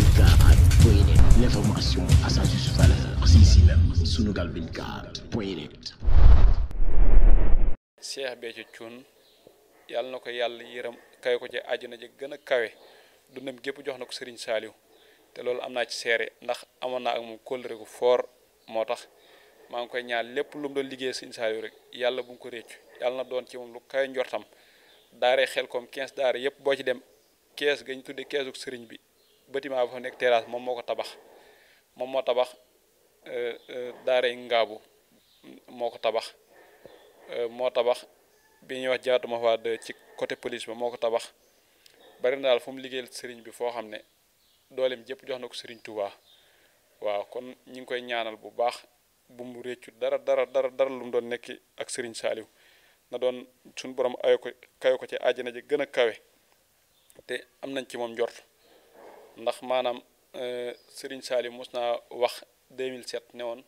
24 point net l'information à yàlla na ko yàlla yërëm kawe ko ci àjjana ji gën a kawe dundam gépp jox na ko Serigne Saliou te loolu am naa ci seere ndax amoon naa ak moom kóllëre gu fort moo tax maa ngi koy ñaan lépp lu mu doon liggéey Serigne Saliou rek yàlla bu ko réccu yàlla na doon ci moom lu kawe njortam daare xel koom 15 daare yëpp boo ci dem kees gañ tuddee keesuk sëriñ bi bâtiment bu fa nekk terrasse moom moo ko tabax moom moo tabax euh, euh, daaray ngaabu moo ko tabax euh, moo tabax bi ñuy wax jaatuma fa ci côté police ba moo ko tabax bari na daal fu mu liggéeyal sëriñ bi foo xam ne dooleem jëpp jox na ko sëriñ Touba waaw kon ñu ngi koy ñaanal bu baax bu mu réccu dara dara dara dara lu doon nekki ak sëriñ Saaliw na doon suñu borom ayo ko kayo ko ci àjjana ji gën a kawe te am nañ ci moom njort ndax maanaam eh, Serigne Saliou mos naa wax 2007 ne woon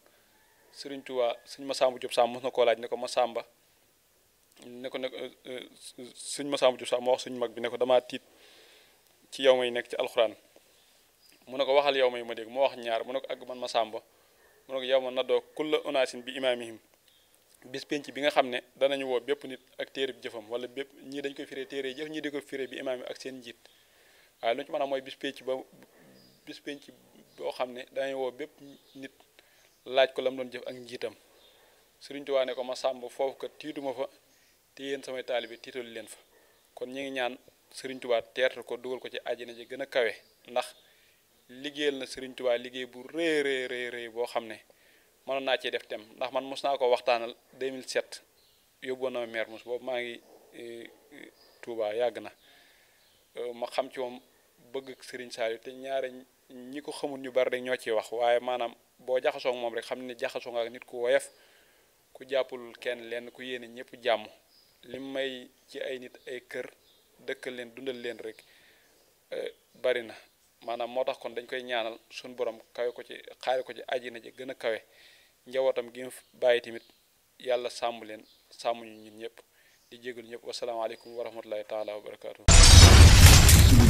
Serigne Touba suñ Masamba Diop Samb mos na koo laaj ne ko ma Masamba ne ko ne eh, suñ Masamba Diop Samb moo wax suñ mag bi ne ko damaa tiit ci yow may nekk ci alxuraan mu ne ko waxal yaw ma may ma dégg moo wax ñaar mu ne ko àgg man Masamba mu ne ko yow ma nadoo kulla unaasin bi imaamihim bis penc bi nga xam ne danañu woo bépp nit ak téere bi jëfam wala bépp ñii dañ koy firee téere jëf ñii di ko bi imaam yi ak seen njiit waaye lu ñu mën a mooy bis penc ba boo xam ne dañuy woo bépp nit laaj ko la mu doon jëf ak njiitam Sëriñ Tuubaa ne ko ma sàmb foofu kat tiituma fa te yéen samay taalibe tiitali leen fa kon ñu ngi ñaan Sëriñ Tuubaa teertu ko dugal ko ci àjjana ji gën a kawe ndax liggéeyal na Sëriñ Tuubaa liggéey bu rëy rëy boo xam ne mënoon naa cee def tem ndax man mos naa ko waxtaanal 2007 yóbboon na ma meer mos boobu maa ngi eh, tuubaa yàgg na eh, ma xam ci moom bëgg Serigne te ñaare ñi ko xamul ñu bari rek ñoo ciy wax waaye maanaam boo jaxasoo moom rek xam ne jaxasoo nga ak nit ku woyof ku jàppul kenn lenn ku yéene ñëpp jàmm li may ci ay nit ay kër dëkkal leen dundal leen rek eh, bari na maanaam moo tax kon dañ koy ñaanal suñu borom kawe ko ci xaare ko ci àjjana ji gën a kawe njabootam gi bàyyi tamit yàlla sàmm leen sàmm ñu ñun ñëpp di jégalu ñëpp wasalaamaaleykum wa rahmatullahi taala wa barakaatu.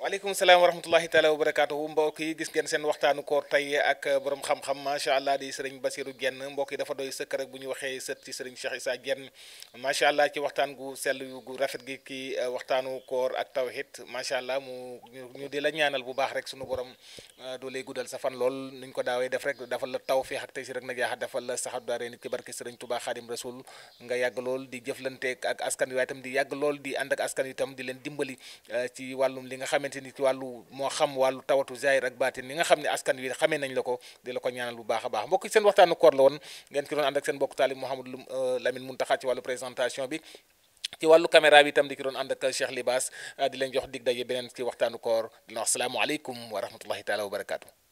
waaleykum salaam wa rahmatullahi taala wa barakaatu mbokk yi gis ngeen seen waxtaanu koor tey ak borom xam-xam macha allah di sëriñ Basiru Jenn mbokk yi dafa doy sëkk rek bu ñu waxee sët ci sëriñ Cheikh Issa Jenn macha allah ci waxtaan gu sell gu rafet gi ki euh, waxtaanu koor ak taw tawhid macha allah mu ñu di la ñaanal bu baax rek sunu borom euh, doo lay guddal sa fan lool nu ñu ko daawee def rek dafa la taw tawfiix ak tey si rek na jaaxa dafa la saxab daa nit ci barke sëriñ Tuubaa Xaadim Rasul nga yàgg lool di jëflanteeg ak askan wi waaye di yàgg lool di ànd ak askan wi itam di leen dimbali euh, xamante ni ci wàllu moo xam wàllu tawatu zaahir ak baatin ni nga xam ne askan wi xamee nañ la ko di la ko ñaanal bu baax a baax mbokk seen waxtaanu koor la woon ngeen ci doon ànd ak seen mbokk taalib Mouhamadou euh, Lamine Muntaxa ci wàllu présentation bi ci wàllu caméra bi itam di ki doon ànd ak Cheikh Libaas euh, di leen jox dig daje beneen ci waxtaanu koor dina wax salaamualeykum wa rahmatullahi taala wa barakaatu.